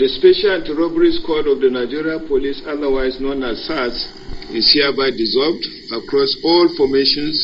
The Special Anti-Robbery Squad of the Nigeria Police, otherwise known as SARS, is hereby dissolved across all formations.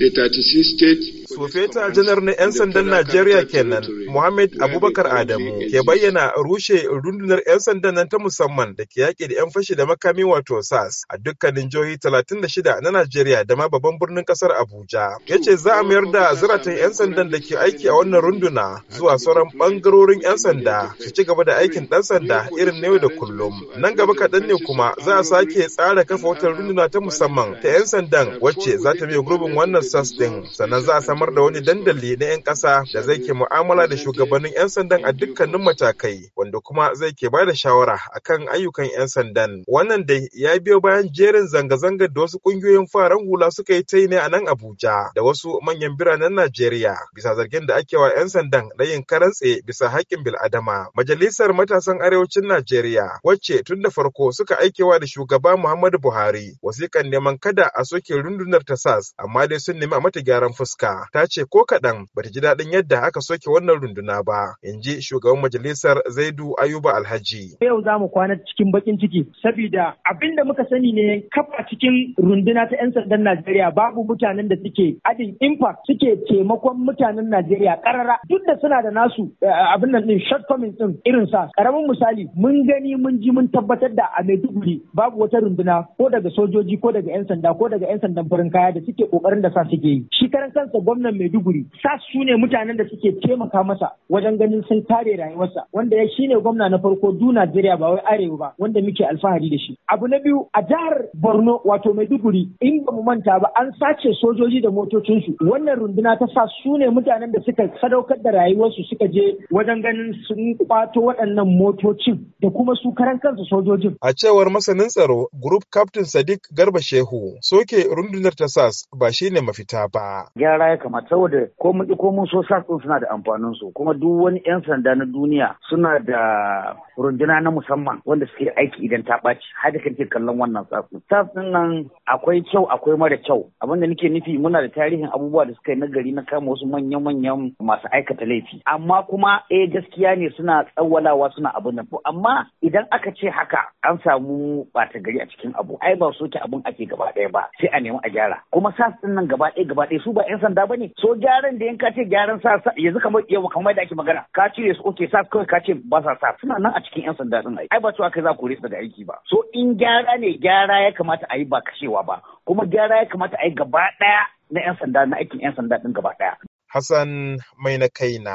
The 36 state Sufeta janar na 'yan sandan Najeriya kenan, Muhammad Abubakar Adamu, ke bayyana rushe rundunar 'yan sandan nan ta musamman da ke yaƙi da 'yan fashi da makami wato SAS a dukkanin jihohi 36 na Najeriya da ma babban birnin ƙasar Abuja. Ya ce za a mayar da ziratan 'yan sandan da ke aiki a wannan runduna zuwa sauran bangarorin 'yan sanda su ci gaba da aikin ɗan sanda irin na yau da kullum. Nan gaba kaɗan ne kuma za a sake tsara kafa wata runduna ta musamman ta 'yan sandan wacce za ta biya gurbin wannan SAS ɗin sannan za a samar samar da wani dandali na 'yan ƙasa da zai ke mu'amala da shugabannin 'yan sandan a dukkanin matakai wanda kuma zai ke ba da shawara kan ayyukan 'yan sandan. Wannan dai ya biyo bayan jerin zanga-zangar da wasu ƙungiyoyin faran hula suka yi ta yi ne a nan Abuja da wasu manyan biranen Najeriya bisa zargin da ake wa 'yan sandan na yin karantse bisa haƙƙin bil'adama. Majalisar matasan arewacin Najeriya wacce tun da farko suka aikewa da shugaba Muhammadu Buhari wasiƙan neman kada a soke rundunar ta SAS amma dai sun nemi a mata gyaran fuska. ta ce ko kaɗan ba ta ji daɗin yadda aka soke wannan runduna ba in ji shugaban majalisar zaidu ayuba alhaji. yau za mu kwana cikin bakin ciki saboda abin da muka sani ne kafa cikin runduna ta 'yan sandan najeriya babu mutanen da suke adin impact suke taimakon mutanen najeriya karara duk da suna da nasu eh, abin nan din shortcomings din irin sa karamin misali mun gani mun ji mun tabbatar da a maiduguri babu wata runduna ko daga sojoji ko daga 'yan sanda ko daga 'yan sandan farin kaya da suke kokarin da sa suke yi shi karan kansa gwamnati wannan Maiduguri SAS su ne mutanen da suke taimaka masa wajen ganin sun kare rayuwarsa wanda ya shine gwamna na farko du Najeriya ba wai arewa ba wanda muke alfahari da shi. Abu na biyu a jihar Borno wato Maiduguri in ba mu manta ba an sace sojoji da motocinsu wannan runduna ta sa su ne mutanen da suka sadaukar da rayuwarsu suka je wajen ganin sun kwato waɗannan motocin da kuma su karan kansu sojojin. A cewar masanin tsaro Group Captain Sadiq Garba Shehu soke rundunar ta SAS ba shine mafita ba. Gyara ya kamata saboda ko mun ko so sas suna da amfanin su kuma duk wani yan sanda na duniya suna da runduna na musamman wanda suke aiki idan ta ɓaci har da kake kallon wannan sas sas nan akwai kyau akwai mara kyau abinda nake nufi muna da tarihin abubuwa da suka yi nagari na kama wasu manyan manyan masu aikata laifi amma kuma eh gaskiya ne suna tsawalawa suna abin nan amma idan aka ce haka an samu ɓata gari a cikin abu ai ba soke abin ake gaba ɗaya ba sai a nemi a gyara kuma sas nan gaba ɗaya gaba ɗaya su ba yan sanda ba bane so gyaran da yanka ce gyaran sa yanzu kamar yau kamar da ake magana ka cire su oke sa kawai ka ce ba sa sa suna nan a cikin yan sanda din ai ba cewa kai za ku resa daga aiki ba so in gyara ne gyara ya kamata a yi ba kashewa ba kuma gyara ya kamata a yi gaba daya na yan sanda na aikin yan sanda din gaba daya Hassan mai na kai na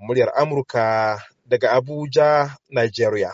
muryar Amurka daga Abuja, Nigeria.